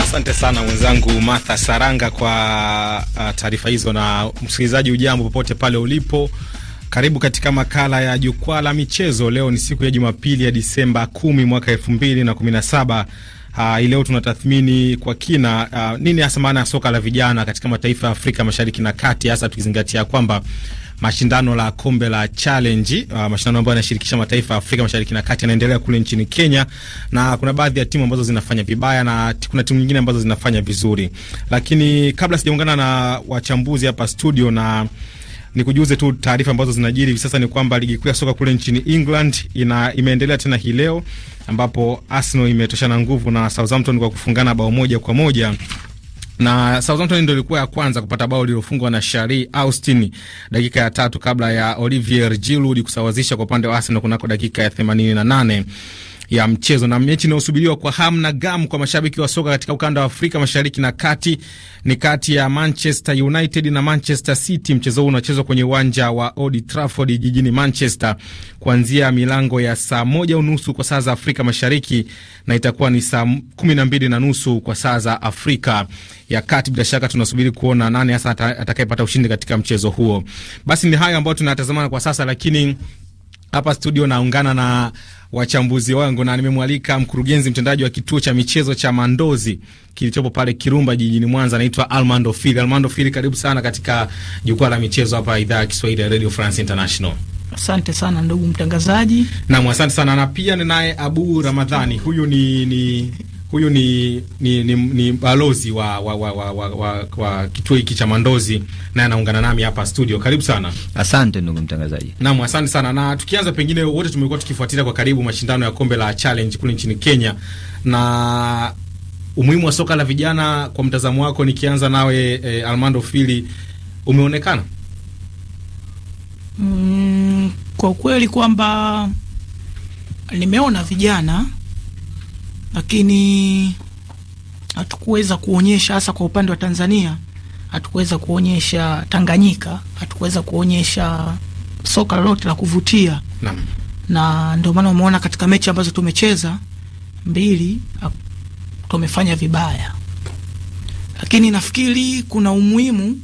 asante sana mwenzangu Martha Saranga kwa uh, taarifa hizo. Na msikilizaji, ujambo popote pale ulipo, karibu katika makala ya jukwaa la michezo. Leo ni siku ya Jumapili ya Disemba 10 mwaka 2017. Uh, tuna tunatathmini kwa kina uh, nini hasa maana ya soka la vijana katika mataifa ya Afrika Mashariki na Kati, hasa tukizingatia kwamba mashindano la kombe la Challenge, uh, mashindano ambayo yanashirikisha mataifa ya Afrika Mashariki na Kati yanaendelea kule nchini Kenya, na kuna baadhi ya timu ambazo zinafanya vibaya na kuna timu nyingine ambazo zinafanya vizuri. Lakini kabla sijaungana na wachambuzi hapa studio na nikujuze tu taarifa ambazo zinajiri hivi sasa ni kwamba ligi kuu ya soka kule nchini England ina, imeendelea tena hii leo ambapo Arsenal imetoshana nguvu na Southampton kwa kufungana bao moja kwa moja na Southampton ndio ilikuwa ya kwanza kupata bao lililofungwa na Shari Austin dakika ya tatu kabla ya Olivier Giroud kusawazisha kwa upande wa Arsenal kunako dakika ya 88 ya mchezo. Na mechi inayosubiriwa kwa hamu na gamu kwa mashabiki wa soka katika ukanda wa Afrika Mashariki na Kati ni kati ya Manchester United na Manchester City. Mchezo huu unachezwa kwenye uwanja wa Old Trafford jijini Manchester kuanzia milango ya saa moja unusu kwa saa za Afrika Mashariki na itakuwa ni saa kumi na mbili na nusu kwa saa za Afrika ya Kati. Bila shaka tunasubiri kuona nani hasa atakayepata ushindi katika mchezo huo. Basi ni hayo ambayo tunatazamana kwa sasa, lakini hapa studio naungana na wachambuzi wangu na nimemwalika mkurugenzi mtendaji wa kituo cha michezo cha Mandozi kilichopo pale Kirumba jijini Mwanza, anaitwa Armando Fili. Armando Fili, karibu sana katika jukwaa la michezo hapa idhaa ya Kiswahili ya Radio France International. Asante sana ndugu mtangazaji. Naam, asante sana na pia ninaye Abu Ramadhani, huyu ni, ni Huyu ni, ni, ni, ni balozi wa, wa, wa, wa, wa, wa, wa kituo hiki cha Mandozi, naye anaungana nami hapa studio. Karibu sana. Asante ndugu mtangazaji. Naam, asante sana. Na tukianza, pengine wote tumekuwa tukifuatilia kwa karibu mashindano ya kombe la Challenge kule nchini Kenya, na umuhimu wa soka la vijana kwa mtazamo wako, nikianza nawe eh, Armando Fili, umeonekana mm, kwa kweli kwamba nimeona vijana lakini hatukuweza kuonyesha, hasa kwa upande wa Tanzania hatukuweza kuonyesha Tanganyika, hatukuweza kuonyesha soka lolote la kuvutia na, na ndio maana umeona katika mechi ambazo tumecheza mbili ah, tumefanya vibaya, lakini nafikiri kuna umuhimu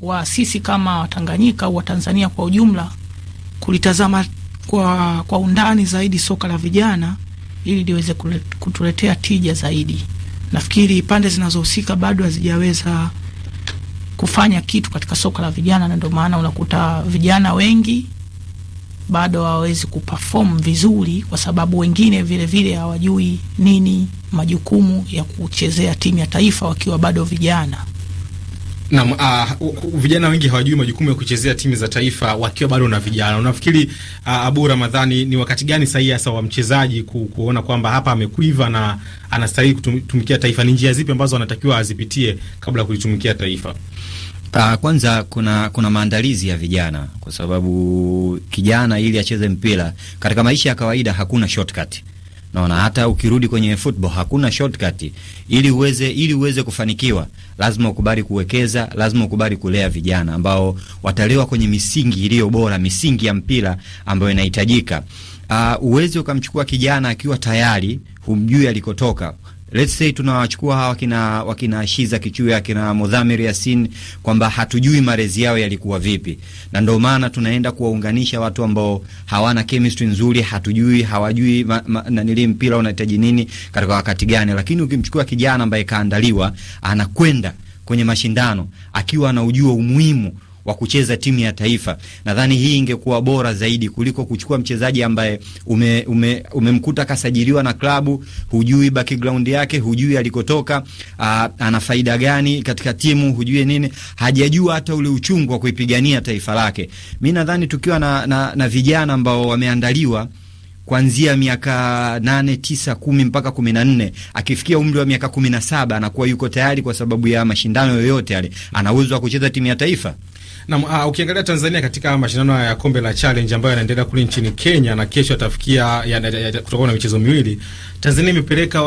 wa sisi kama Watanganyika au Watanzania kwa ujumla kulitazama kwa, kwa undani zaidi soka la vijana ili liweze kutuletea tija zaidi. Nafikiri pande zinazohusika bado hazijaweza kufanya kitu katika soka la vijana, na ndio maana unakuta vijana wengi bado hawawezi kuperform vizuri, kwa sababu wengine vile vile hawajui nini majukumu ya kuchezea timu ya taifa wakiwa bado vijana uh, vijana wengi hawajui majukumu ya kuchezea timu za taifa wakiwa bado na vijana. Unafikiri uh, Abu Ramadhani, ni wakati gani sahihi hasa wa mchezaji ku, kuona kwamba hapa amekuiva na anastahili kutumikia taifa? Ni njia zipi ambazo anatakiwa azipitie kabla ya kulitumikia taifa? Uh, kwanza kuna kuna maandalizi ya vijana, kwa sababu kijana ili acheze mpira katika maisha ya kawaida hakuna shortcut Naona hata ukirudi kwenye football hakuna shortcut. Ili uweze ili uweze kufanikiwa, lazima ukubali kuwekeza, lazima ukubali kulea vijana ambao watalewa kwenye misingi iliyo bora, misingi ya mpira ambayo inahitajika. Uh, uwezi ukamchukua kijana akiwa tayari humjui alikotoka let's say tunawachukua hawa wakina wakina Shiza Kichua akina Mudhamir Yasin, kwamba hatujui malezi yao yalikuwa vipi, na ndio maana tunaenda kuwaunganisha watu ambao hawana chemistry nzuri, hatujui hawajui ma, ma, na nili mpira unahitaji nini katika wakati gani, lakini ukimchukua kijana ambaye kaandaliwa anakwenda kwenye mashindano akiwa anaujua umuhimu wa kucheza timu ya taifa. Nadhani hii ingekuwa bora zaidi kuliko kuchukua mchezaji ambaye umemkuta ume, ume kasajiliwa na klabu, hujui background yake, hujui alikotoka, ana faida gani katika timu, hujui nini, hajajua hata ule uchungu wa kuipigania taifa lake. Mi nadhani tukiwa na, na, na vijana ambao wameandaliwa kuanzia miaka nane, tisa, kumi mpaka kumi na nne. Akifikia umri wa miaka kumi na saba anakuwa yuko tayari, kwa sababu ya mashindano yoyote yale, ana uwezo wa kucheza timu ya taifa. Na uh, ah, ukiangalia Tanzania katika mashindano ya kombe la Challenge ambayo yanaendelea kule nchini Kenya na kesho yatafikia ya, ya, ya, kutokana na michezo miwili Tanzania imepeleka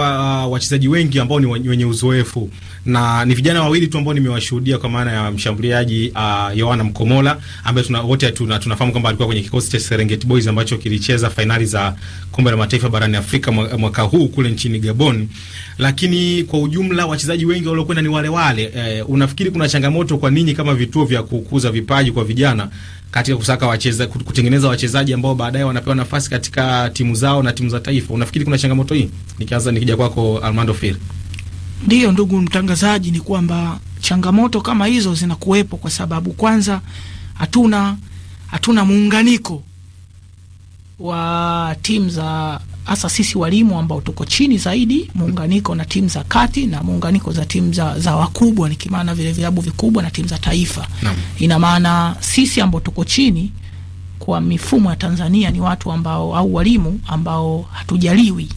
wachezaji wa wengi ambao ni wenye uzoefu na ni vijana wawili tu ambao nimewashuhudia kwa maana ya mshambuliaji uh, Yohana Mkomola ambaye tuna wote tuna, tunafahamu kwamba alikuwa kwenye kikosi cha Serengeti Boys ambacho kilicheza fainali za kombe la mataifa barani Afrika mwaka huu kule nchini Gabon, lakini kwa ujumla wachezaji wengi waliokwenda ni wale wale. Eh, unafikiri kuna changamoto kwa ninyi kama vituo vya kukuza vipaji kwa vijana katika kusaka wacheza, kutengeneza wachezaji ambao baadaye wanapewa nafasi katika timu zao na timu za taifa. Unafikiri kuna changamoto hii? Nikianza nikija kwako Armando Fer. Ndiyo, ndugu mtangazaji, ni kwamba changamoto kama hizo zinakuwepo kwa sababu kwanza hatuna hatuna muunganiko wa timu za hasa sisi walimu ambao tuko chini zaidi, muunganiko na timu za kati na muunganiko za timu za, za wakubwa, nikimaana vile vilabu vikubwa na timu za taifa. Ina maana sisi ambao tuko chini kwa mifumo ya Tanzania ni watu ambao au walimu ambao hatujaliwi,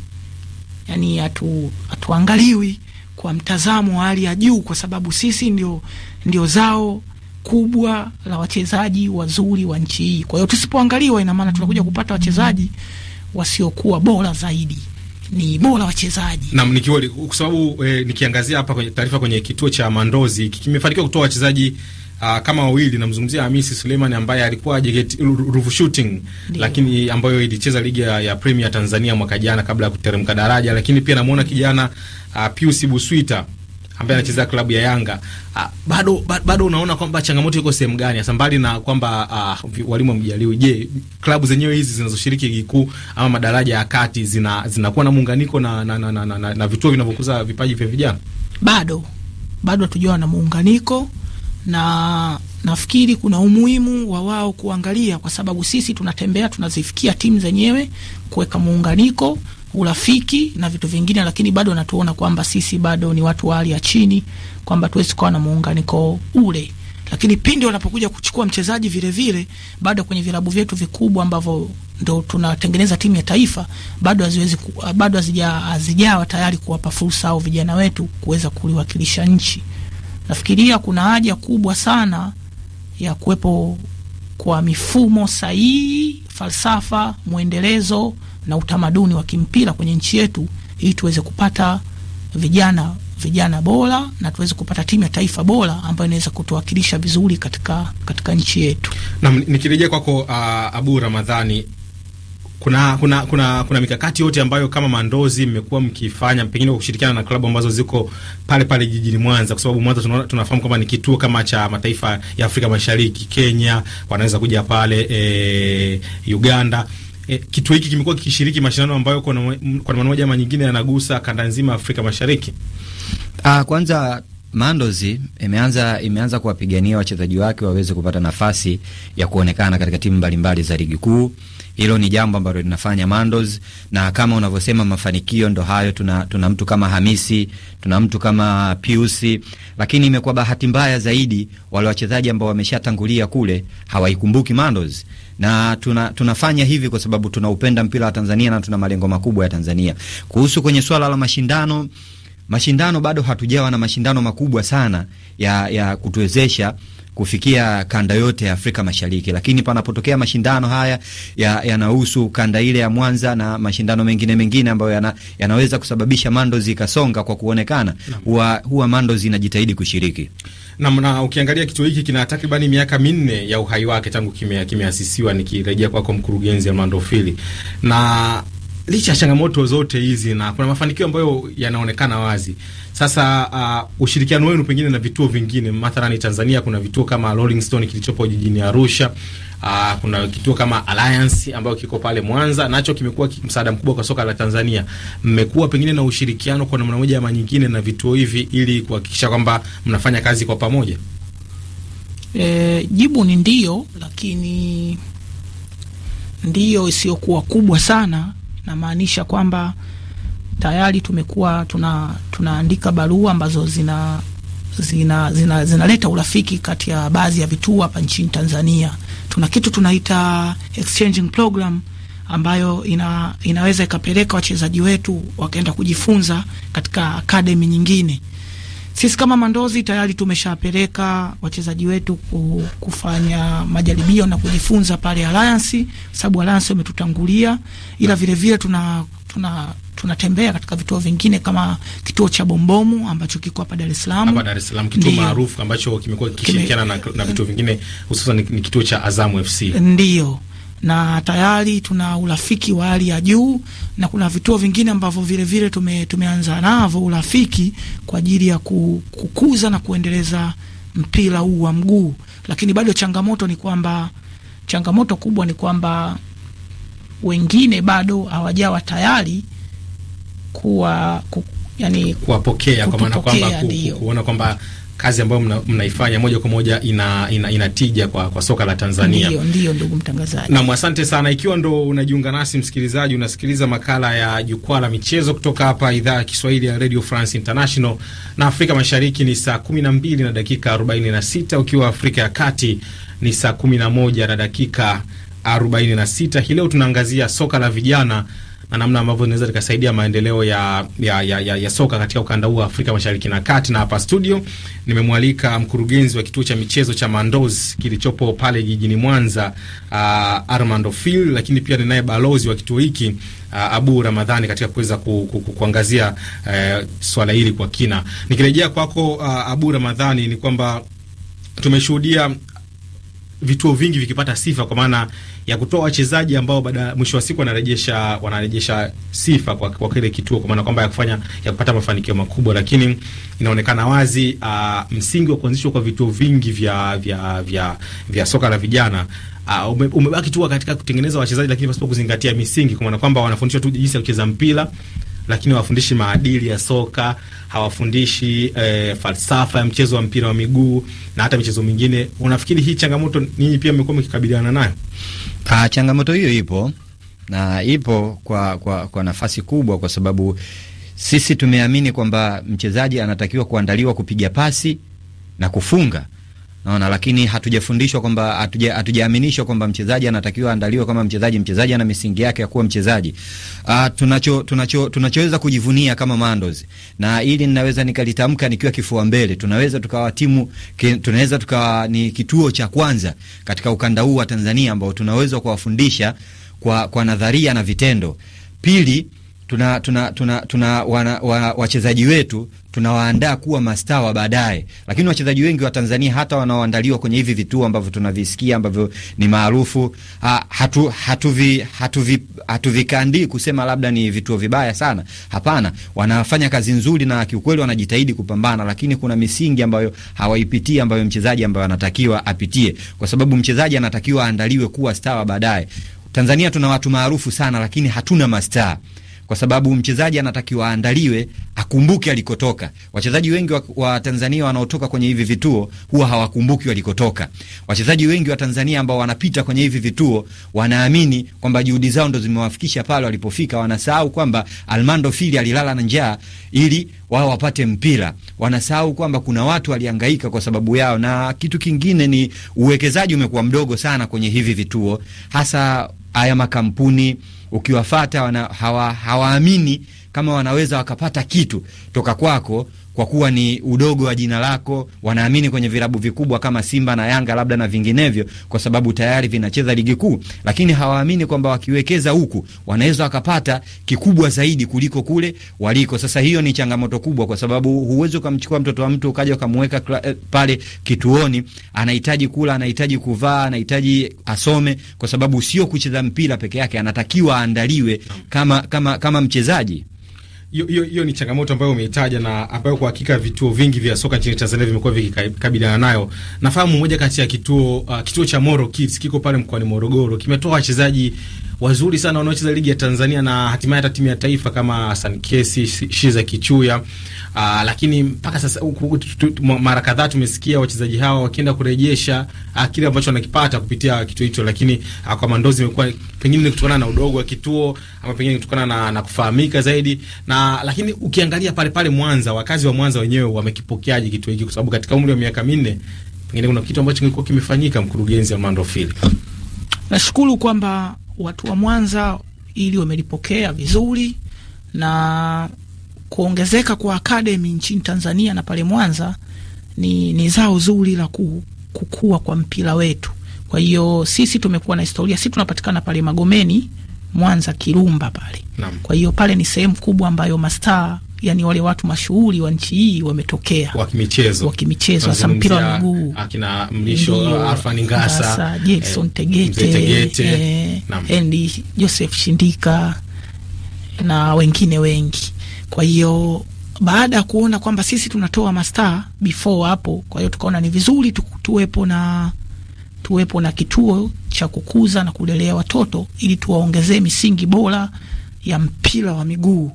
yani hatu, hatuangaliwi kwa mtazamo wa hali ya juu, kwa sababu sisi ndio, ndio zao kubwa la wachezaji wazuri wa nchi hii. Kwa hiyo tusipoangaliwa, ina maana tunakuja kupata wachezaji mm -hmm wasiokuwa bora zaidi ni bora wachezaji. nam nikiwa kwa sababu e, nikiangazia hapa kwenye taarifa kwenye kituo cha Mandozi kimefanikiwa kutoa wachezaji Uh, kama wawili namzungumzia Hamisi Suleiman ambaye alikuwa JKT Ruvu Shooting lakini ambayo ilicheza ligi ya, ya Premier Tanzania mwaka jana kabla ya kuteremka daraja, lakini pia namuona kijana uh, Pius Buswita ambaye anachezea klabu ya Yanga a, ah, bado bado unaona kwamba changamoto iko sehemu gani hasa, mbali na kwamba ah, walimu wamjaliwi? Je, klabu zenyewe hizi zinazoshiriki ligi kuu ama madaraja ya kati zina zinakuwa na muunganiko na na, na, na, na, na, na vituo vinavyokuza vipaji vya vijana? Bado bado hatujawa na muunganiko na nafikiri kuna umuhimu wa wao kuangalia, kwa sababu sisi tunatembea tunazifikia timu zenyewe kuweka muunganiko urafiki na vitu vingine, lakini bado wanatuona kwamba sisi bado ni watu wa hali ya chini, kwamba tuwezi kuwa na muunganiko ule lakini pindi wanapokuja kuchukua mchezaji vile vile, bado kwenye vilabu vyetu vikubwa ambavyo ndo tunatengeneza timu ya taifa, bado haziwezi bado hazijawa tayari kuwapa fursa au vijana wetu kuweza kuliwakilisha nchi. Nafikiria kuna haja kubwa sana ya kuwepo kwa mifumo sahihi, falsafa, mwendelezo na utamaduni wa kimpira kwenye nchi yetu, ili tuweze kupata vijana vijana bora na tuweze kupata timu ya taifa bora ambayo inaweza kutuwakilisha vizuri katika, katika nchi yetu. Naam, nikirejea kwako uh, Abu Ramadhani, kuna kuna kuna kuna mikakati yote ambayo kama Mandozi mmekuwa mkifanya pengine kwa kushirikiana na klabu ambazo ziko pale pale jijini Mwanza, kwa sababu Mwanza tunafahamu kwamba ni kituo kama cha mataifa ya Afrika Mashariki. Kenya wanaweza kuja pale, e, Uganda Eh, kituo hiki kimekuwa kikishiriki mashindano ambayo kwa namna moja ama nyingine yanagusa kanda nzima Afrika Mashariki. Ah, kwanza Mandozi imeanza imeanza kuwapigania wachezaji wake waweze kupata nafasi ya kuonekana katika timu mbalimbali za ligi kuu. Hilo ni jambo ambalo linafanya Mandos, na kama unavyosema mafanikio ndo hayo. Tuna, tuna mtu kama Hamisi, tuna mtu kama Piusi, lakini imekuwa bahati mbaya zaidi wale wachezaji ambao wameshatangulia kule hawaikumbuki Mandos na tuna, tunafanya hivi kwa sababu tunaupenda mpira wa Tanzania na tuna malengo makubwa ya Tanzania. Kuhusu kwenye swala la mashindano mashindano bado hatujawa na mashindano makubwa sana ya, ya kutuwezesha kufikia kanda yote ya Afrika Mashariki, lakini panapotokea mashindano haya yanahusu ya kanda ile ya Mwanza na mashindano mengine mengine ambayo yana, yanaweza kusababisha mando ikasonga kwa kuonekana, huwa huwa mando zinajitahidi kushiriki nam na ukiangalia kituo hiki kina takribani miaka minne ya uhai wake tangu kimeasisiwa, kime nikirejea kwako mkurugenzi Armando Fili na licha ya changamoto zote hizi na kuna mafanikio ambayo yanaonekana wazi sasa. Uh, ushirikiano wenu pengine na vituo vingine, mathalani Tanzania kuna vituo kama Rolling Stone kilichopo jijini Arusha. Uh, kuna kituo kama Alliance ambayo kiko pale Mwanza, nacho kimekuwa msaada mkubwa kwa soka la Tanzania. Mmekuwa pengine na ushirikiano kwa namna moja ama nyingine na vituo hivi ili kuhakikisha kwamba mnafanya kazi kwa pamoja? E, jibu ni ndio, lakini ndio isiyokuwa kubwa sana namaanisha kwamba tayari tumekuwa tuna tunaandika barua ambazo zina zinaleta zina, zina urafiki kati ya baadhi ya vituo hapa nchini Tanzania. Tuna kitu tunaita exchanging program ambayo ina, inaweza ikapeleka wachezaji wetu wakaenda kujifunza katika akademi nyingine sisi kama Mandozi tayari tumeshapeleka wachezaji wetu kufanya majaribio na kujifunza pale Alliance, sababu Alliance wametutangulia, ila vile vile tuna tuna tunatembea katika vituo vingine kama kituo cha Bombomu ambacho kiko hapa Dar es Salaam, hapa Dar es Salaam, kituo maarufu ambacho kimekuwa kikishirikiana na, na vituo vingine hususan ni kituo cha Azam FC, ndio na tayari tuna urafiki wa hali ya juu, na kuna vituo vingine ambavyo vilevile tume, tumeanza navyo urafiki kwa ajili ya kukuza na kuendeleza mpira huu wa mguu, lakini bado changamoto ni kwamba changamoto kubwa ni kwamba wengine bado hawajawa tayari kuwa ku, yani kuwapokea kwa maana kwamba kuona kwamba kazi ambayo mna, mnaifanya moja kwa moja ina, ina, ina tija kwa, kwa soka la Tanzania. Ndio, ndio ndugu mtangazaji. Naam, asante sana. Ikiwa ndo unajiunga nasi msikilizaji, unasikiliza makala ya Jukwaa la Michezo kutoka hapa idhaa ya Kiswahili ya Radio France International, na Afrika Mashariki ni saa 12 na dakika 46, ukiwa Afrika ya Kati ni saa 11 na dakika 46. Hii leo tunaangazia soka la vijana na namna ambavyo inaweza likasaidia maendeleo ya, ya, ya, ya, ya soka katika ukanda huu wa Afrika Mashariki na Kati. Na hapa studio nimemwalika mkurugenzi wa kituo cha michezo cha Mandoz kilichopo pale jijini Mwanza, uh, Armando Phil, lakini pia ninaye balozi wa kituo hiki uh, Abu Ramadhani katika kuweza ku, ku, ku, kuangazia uh, swala hili kwa kina. Nikirejea kwako, uh, Abu Ramadhani, ni kwamba tumeshuhudia vituo vingi vikipata sifa kwa maana ya kutoa wachezaji ambao baada mwisho wa siku wanarejesha wanarejesha sifa kwa, kwa kile kituo kwa maana kwamba ya kufanya ya kupata mafanikio makubwa, lakini inaonekana wazi uh, msingi wa kuanzishwa kwa vituo vingi vya vya vya, vya soka la vijana Uh, ume, umebaki tu katika kutengeneza wachezaji lakini pasipo kuzingatia misingi, kwa maana kwamba wanafundishwa tu jinsi ya kucheza mpira lakini hawafundishi maadili ya soka, hawafundishi e, falsafa ya mchezo wa mpira wa miguu na hata michezo mingine. Unafikiri hii changamoto ninyi pia mmekuwa mkikabiliana nayo? Ah, changamoto hiyo ipo na ipo kwa, kwa, kwa nafasi kubwa, kwa sababu sisi tumeamini kwamba mchezaji anatakiwa kuandaliwa kupiga pasi na kufunga Naona lakini hatujafundishwa kwamba hatujaaminishwa kwamba mchezaji anatakiwa andaliwe kama mchezaji. Mchezaji ana misingi yake ya kuwa mchezaji. Ah, tunacho tunacho tunachoweza kujivunia kama Mandos, na ili ninaweza nikalitamka nikiwa kifua mbele, tunaweza tukawa timu ki, tunaweza tukawa ni kituo cha kwanza katika ukanda huu wa Tanzania ambao tunaweza kuwafundisha kwa kwa nadharia na vitendo. Pili tuna, tuna, tuna, tuna wana, wa, wachezaji wetu tunawaandaa kuwa mastawa baadaye, lakini wachezaji wengi wa Tanzania hata wanaoandaliwa kwenye hivi vituo ambavyo tunavisikia ambavyo ni maarufu ah, hatu, hatuvikaandii hatuvi, hatuvi kusema labda ni vituo vibaya sana. Hapana, wanafanya kazi nzuri na kiukweli wanajitahidi kupambana, lakini kuna misingi ambayo hawaipitii ambayo mchezaji ambayo anatakiwa apitie, kwa sababu mchezaji anatakiwa aandaliwe kuwa stawa baadaye. Tanzania tuna watu maarufu sana, lakini hatuna mastaa kwa sababu mchezaji anatakiwa aandaliwe, akumbuke alikotoka. Wachezaji wengi wa, wa Tanzania wanaotoka kwenye hivi vituo huwa hawakumbuki walikotoka. Wachezaji wengi wa Tanzania ambao wanapita kwenye hivi vituo wanaamini kwamba juhudi zao ndo zimewafikisha pale walipofika, wanasahau kwamba Almando Fili alilala na njaa ili wao wapate mpira, wanasahau kwamba kuna watu walihangaika kwa sababu yao. Na kitu kingine ni uwekezaji umekuwa mdogo sana kwenye hivi vituo, hasa haya makampuni ukiwafata hawaamini hawa kama wanaweza wakapata kitu toka kwako kwa kuwa ni udogo wa jina lako, wanaamini kwenye vilabu vikubwa kama Simba na Yanga labda na vinginevyo, kwa sababu tayari vinacheza ligi kuu, lakini hawaamini kwamba wakiwekeza huku wanaweza wakapata kikubwa zaidi kuliko kule waliko. Sasa hiyo ni changamoto kubwa, kwa sababu huwezi ukamchukua mtoto wa mtu ukaja ukamweka eh, pale kituoni. Anahitaji kula, anahitaji kuvaa, anahitaji asome, kwa sababu sio kucheza mpira peke yake, anatakiwa aandaliwe kama, kama, kama mchezaji hiyo ni changamoto ambayo umeitaja na ambayo kwa hakika vituo vingi vya soka nchini Tanzania vimekuwa vikikabiliana nayo. Nafahamu moja kati ya kituo uh, kituo cha Moro Kids kiko pale mkoani Morogoro kimetoa wachezaji wazuri sana wanaocheza ligi ya Tanzania na hatimaye hata timu ya taifa kama Hassan Kesi, Shiza Kichuya. Uh, lakini mpaka sasa mara kadhaa tumesikia wachezaji hawa wakienda kurejesha uh, kile ambacho wanakipata kupitia kituo hicho, lakini uh, kwa Mandozi imekuwa pengine kutokana na udogo wa kituo ama pengine kutokana na, na kufahamika zaidi na, lakini ukiangalia pale pale Mwanza, wakazi wa Mwanza wenyewe wamekipokeaje kituo hiki, kwa sababu katika umri wa miaka minne pengine kuna kitu ambacho kingekuwa kimefanyika. Mkurugenzi wa Mandofili, nashukuru kwamba watu wa Mwanza ili wamelipokea vizuri na kuongezeka kwa akademi nchini Tanzania na pale Mwanza ni, ni zao zuri la ku, kukua kwa mpira wetu. Kwa hiyo sisi tumekuwa na historia, sisi tunapatikana pale Magomeni Mwanza Kirumba pale. Kwa hiyo pale ni sehemu kubwa ambayo mastaa yani wale watu mashuhuri wa nchi hii wametokea wakimichezo, wakimichezo hasa mpira wa miguu, akina Mlisho Arfan Ngasa, Jackson eh, Tegete, eh, Andy Joseph Shindika na wengine wengi. Kwa hiyo baada ya kuona kwamba sisi tunatoa mastaa before hapo, kwa hiyo tukaona ni vizuri tu, tuwepo na tuwepo na kituo cha kukuza na kulelea watoto ili tuwaongezee misingi bora ya mpira wa miguu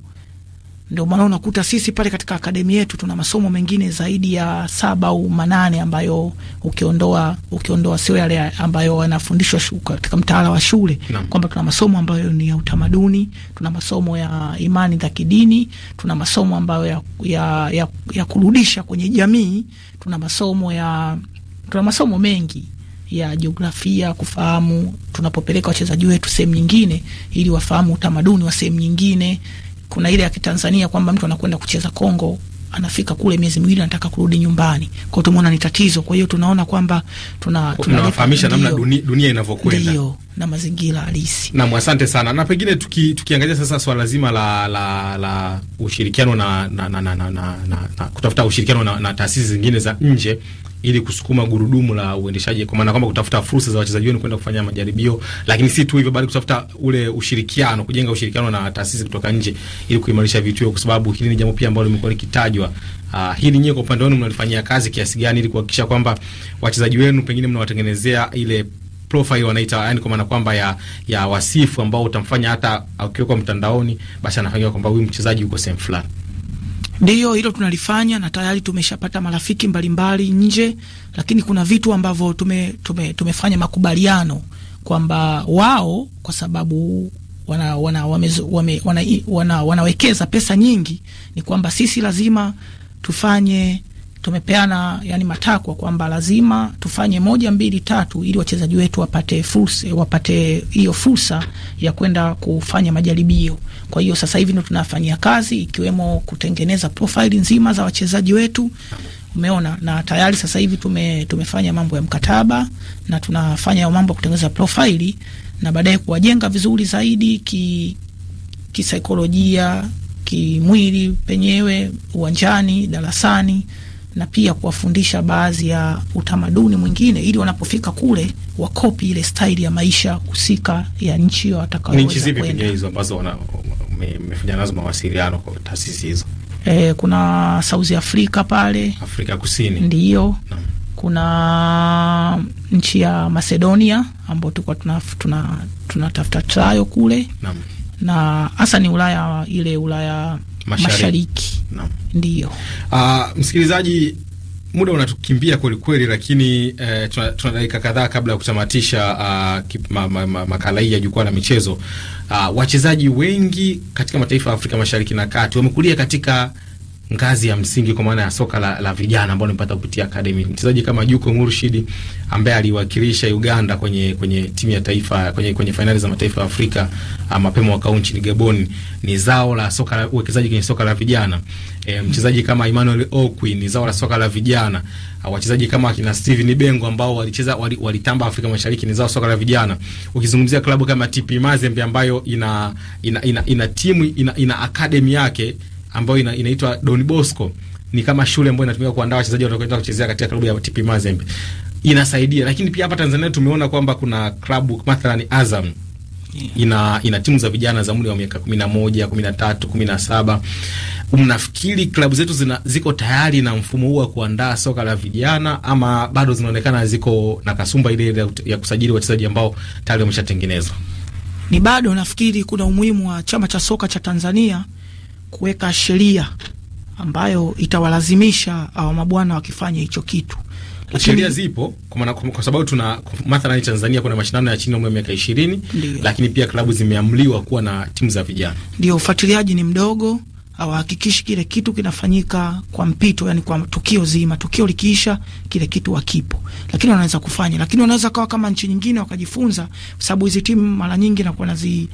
ndio maana unakuta sisi pale katika akademi yetu tuna masomo mengine zaidi ya saba au manane ambayo ukiondoa ukiondoa sio yale ambayo wanafundishwa katika mtaala wa shule no. Kwamba tuna masomo ambayo ni ya utamaduni, tuna masomo ya imani za kidini, tuna masomo ambayo ya, ya, ya, ya kurudisha kwenye jamii, tuna masomo ya tuna masomo mengi ya jiografia kufahamu tunapopeleka wachezaji wetu sehemu nyingine, ili wafahamu utamaduni wa sehemu nyingine kuna ile ya Kitanzania kwamba mtu anakwenda kucheza Kongo anafika kule miezi miwili anataka kurudi nyumbani. Kwa tumeona ni tatizo. Kwa hiyo tunaona kwamba tuna namna dunia, dunia inavyokwenda na mazingira halisi. Naam, asante sana. Na pengine tuki, tukiangalia sasa swala zima la, la, la ushirikiano na, na, na, na, na, na, na kutafuta ushirikiano na, na taasisi zingine za nje ili kusukuma gurudumu la uendeshaji, kwa maana kwamba kutafuta fursa za wachezaji wenu kwenda kufanya majaribio, lakini si tu hivyo, bali kutafuta ule ushirikiano, kujenga ushirikiano na taasisi kutoka nje ili kuimarisha vitu hivyo, kwa sababu hili ni jambo pia ambalo limekuwa likitajwa. Uh, ah, hili nyewe kwa upande wenu mnalifanyia kazi kiasi gani ili kuhakikisha kwamba wachezaji wenu pengine mnawatengenezea ile profile wanaita, yani kwa maana kwamba ya, ya wasifu ambao utamfanya hata akiwekwa mtandaoni, basi anafahamika kwamba huyu mchezaji yuko sehemu fulani. Ndiyo, hilo tunalifanya na tayari tumeshapata marafiki mbalimbali nje, lakini kuna vitu ambavyo tume, tume, tumefanya makubaliano kwamba wao kwa sababu wana, wana, wamez, wame, wana, wana, wanawekeza pesa nyingi, ni kwamba sisi lazima tufanye tumepeana yani matakwa kwamba lazima tufanye moja mbili tatu ili wachezaji wetu wapate fursa, wapate hiyo fursa ya kwenda kufanya majaribio. Kwa hiyo sasa hivi ndo tunafanyia kazi, ikiwemo kutengeneza profile nzima za wachezaji wetu, umeona, na tayari sasa hivi tume, tumefanya mambo ya mkataba na tunafanya mambo ya kutengeneza profile na baadaye kuwajenga vizuri zaidi ki kisaikolojia, kimwili penyewe, uwanjani, darasani na pia kuwafundisha baadhi ya utamaduni mwingine, ili wanapofika kule wakopi ile staili ya maisha husika ya nchi watakayoweza Hizo ambazo nazo mawasiliano kwa taasisi hizo e, kuna South Africa pale Afrika Kusini ndiyo na kuna nchi ya Macedonia ambayo tulikuwa tunatafuta tuna, tuna trial kule na hasa ni Ulaya ile Ulaya mashariki. ndio. Ah, msikilizaji, muda unatukimbia kweli kweli, lakini eh, tuna dakika kadhaa kabla ya kutamatisha uh, ma, ma, ma, makala hii ya jukwaa la michezo. Uh, wachezaji wengi katika mataifa ya Afrika Mashariki na Kati wamekulia katika ngazi ya msingi kwa maana ya soka la, la vijana ambao nimepata kupitia academy. Mchezaji kama Juko Murshid ambaye aliwakilisha Uganda kwenye kwenye timu ya taifa kwenye kwenye fainali za mataifa ya Afrika ah, mapema mwaka huu nchini Gabon ni zao la soka la uwekezaji kwenye soka la vijana. E, mchezaji kama Emmanuel Okwi ni zao la soka la vijana. Ah, wachezaji kama akina Steven Bengo ambao walicheza walitamba wali Afrika Mashariki ni zao soka la vijana. Ukizungumzia klabu kama TP Mazembe ambayo ina ina ina, ina, ina timu ina, ina academy yake ambayo ina, inaitwa Don Bosco ni kama shule ambayo inatumika kuandaa wachezaji watakaoenda kuchezea katika klabu ya TP Mazembe inasaidia, lakini pia hapa Tanzania tumeona kwamba kuna klabu mathalan Azam Yeah. Ina, ina timu za vijana za umri wa miaka kumi na moja, kumi na tatu, kumi na saba. Mnafikiri klabu zetu zina, ziko tayari na mfumo huu wa kuandaa soka la vijana ama bado zinaonekana ziko na kasumba ile ya kusajili wachezaji ambao tayari wameshatengenezwa? Ni bado nafikiri kuna umuhimu wa chama cha soka cha Tanzania kuweka sheria ambayo itawalazimisha awa mabwana wakifanya hicho kitu. Sheria zipo kwa maana, kwa sababu tuna mathalan Tanzania kuna mashindano ya chini ya umri wa miaka 20 lakini pia klabu zimeamliwa kuwa na timu za vijana. Ndio, ufuatiliaji ni mdogo, hawahakikishi kile kitu kinafanyika kwa mpito, yani kwa tukio zima. Tukio likiisha kile kitu hakipo, lakini wanaweza kufanya, lakini wanaweza kawa kama nchi nyingine wakajifunza, sababu hizi timu mara nyingi na kuwa nazi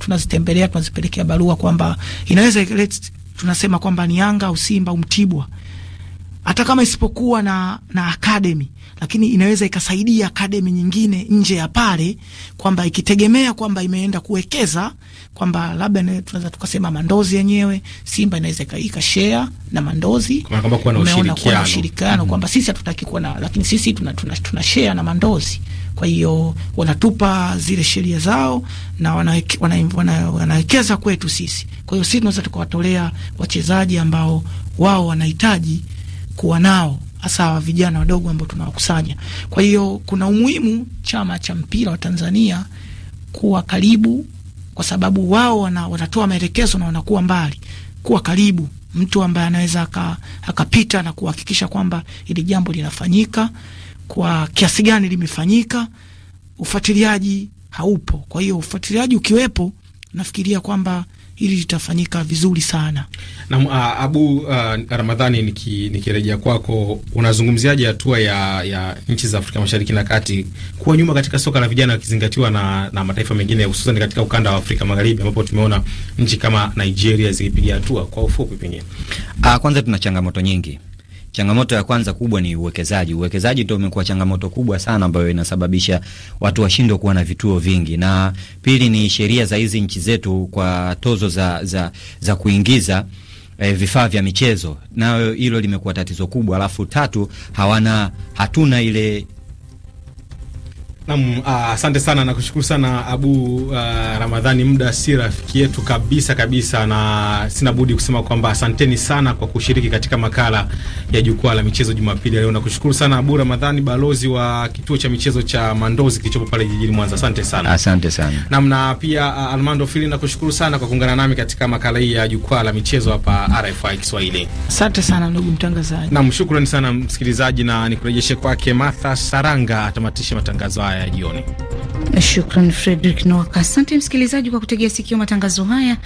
tunazitembelea, tunazipelekea barua kwamba inaweza tunasema kwamba ni Yanga au Simba au Mtibwa, hata kama isipokuwa na, na akademi lakini inaweza ikasaidia akademi nyingine nje ya pale, kwamba ikitegemea kwamba imeenda kuwekeza kwamba labda tunaweza tukasema Mandozi yenyewe Simba inaweza ikashare na Mandozi, umeona kuwa na ushirikiano kwamba sisi hatutaki kuwa na, lakini sisi tuna, tuna, tuna share na Mandozi kwa hiyo wanatupa zile sheria zao na wanawekeza wana, wana, wana kwetu sisi. Kwa hiyo sisi tunaweza tukawatolea wachezaji ambao wao wanahitaji kuwa nao hasa vijana wadogo ambao tunawakusanya. Kwa hiyo kuna umuhimu chama cha mpira wa Tanzania kuwa karibu, kwa sababu wao wana, wanatoa maelekezo na wanakuwa mbali. Kuwa karibu, mtu ambaye anaweza akapita na kuhakikisha kwamba hili jambo linafanyika kwa kiasi gani limefanyika, ufuatiliaji haupo. Kwa hiyo ufuatiliaji ukiwepo, nafikiria kwamba hili litafanyika vizuri sana. Naam, Abu a, Ramadhani, nikirejea niki kwako, unazungumziaje hatua ya, ya nchi za Afrika Mashariki na Kati kuwa nyuma katika soka la vijana wakizingatiwa na, na mataifa mengine hususan katika ukanda wa Afrika Magharibi ambapo tumeona nchi kama Nigeria zikipiga hatua? Kwa ufupi pengine, kwanza tuna changamoto nyingi Changamoto ya kwanza kubwa ni uwekezaji. Uwekezaji ndio umekuwa changamoto kubwa sana ambayo inasababisha watu washindwe kuwa na vituo vingi, na pili ni sheria za hizi nchi zetu kwa tozo za, za, za kuingiza E, vifaa vya michezo nayo hilo limekuwa tatizo kubwa. Alafu tatu, hawana hatuna ile Naam, ah, asante uh, sana na kushukuru sana Abu uh, Ramadhani, muda si rafiki yetu kabisa kabisa, na sina budi kusema kwamba asanteni sana kwa kushiriki katika makala ya jukwaa la michezo Jumapili leo. Nakushukuru sana Abu Ramadhani, balozi wa kituo cha michezo cha Mandozi kilichopo pale jijini Mwanza. Asante sana. Asante sana. Naam, na pia uh, ah, Armando Fili, nakushukuru sana kwa kuungana nami katika makala hii ya jukwaa la michezo hapa RFI Kiswahili. Asante sana ndugu mtangazaji. Naam, shukrani sana msikilizaji, na nikurejeshe kwake Martha Saranga atamatishe matangazo haya haya ya jioni. Shukran Fredrik Noaka. Asante msikilizaji kwa kutegea sikio matangazo haya.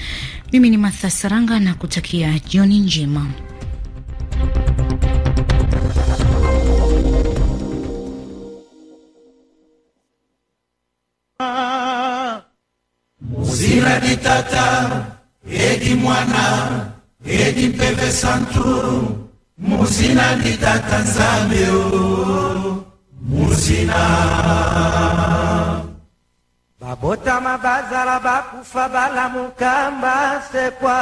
Mimi ni Martha Saranga na kutakia jioni njema. Uzira ditata edi mwana edi mpeve santuru muzina ditata nzambe musina babotama bazala bakufa balamuka mbasekwa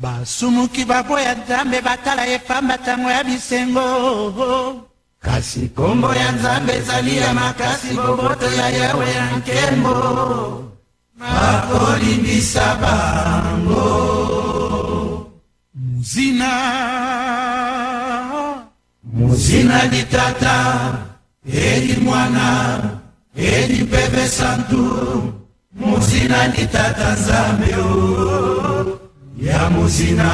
basumuki baboya nzambe batala epamba ntango ya bisengo kasi kombo ya nzambe ezali ya makasi boboto ya yawe ya nkembo bakolimbisa bango muzina Muzina di tata, edi mwana, edi bebe santu, muzina di tata nzambe ya muzina.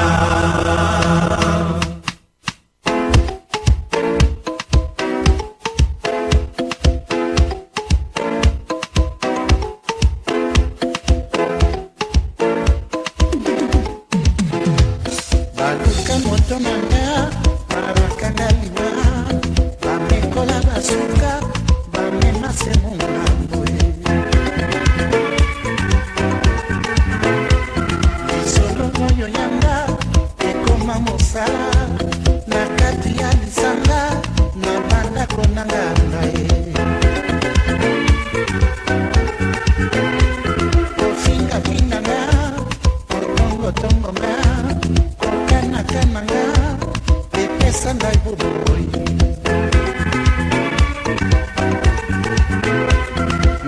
Sanai Boboy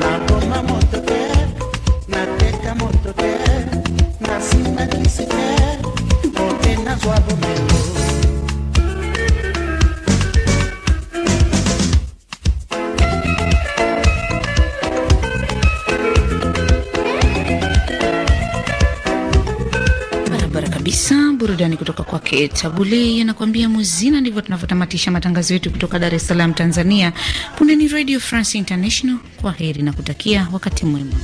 Na goma motoke Na teka burudani kutoka yake Tabule yanakuambia muzina. Ndivyo tunavyotamatisha matangazo yetu kutoka Dar es Salaam, Tanzania. Punde ni Radio France International. Kwa heri na kutakia wakati mwema.